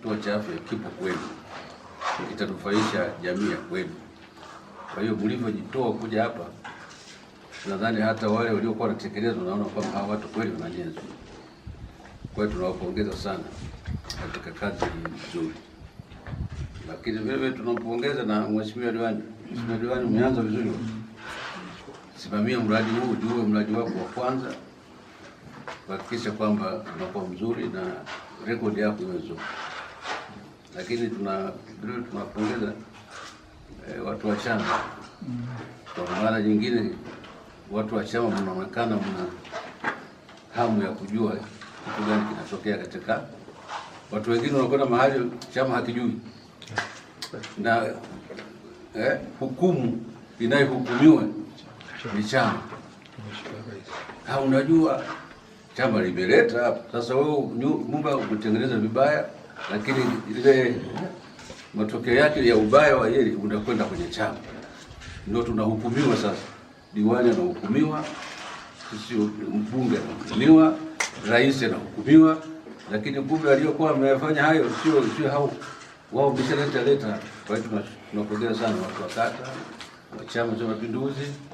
kituo cha afya kipo kwenu, itanufaisha jamii ya kwenu. Kwa hiyo mlivyojitoa kuja hapa, nadhani hata wale waliokuwa wanatekelezwa, naona kwamba hawa watu kweli wananyezwa. Kwa hiyo tunawapongeza sana katika kazi nzuri, lakini vile vile tunampongeza na mheshimiwa diwani. Mheshimiwa diwani, umeanza vizuri, simamia mradi huu, jue mradi wako wa kwanza, kuhakikisha kwamba unakuwa mzuri na rekodi yako imezuri lakini tuna vile tunapongeza e, eh, watu wa chama mm. Kwa mara nyingine watu wa chama mnaonekana mna hamu ya kujua kitu gani kinatokea katika watu wengine wanakwenda mahali chama hakijui na eh, hukumu inayohukumiwa ni chama. Ha, unajua chama limeleta hapa sasa, wewe nyumba umetengeneza vibaya lakini ile matokeo yake ya ubaya wa yeye unakwenda kwenye chama, ndio tunahukumiwa sasa. Diwani anahukumiwa, sisi mbunge anahukumiwa, rais anahukumiwa, lakini kumbe aliyokuwa amefanya hayo sio sio hao wao leta leta. Kwa hiyo tunapongeza sana watu wa kata wa Chama cha Mapinduzi.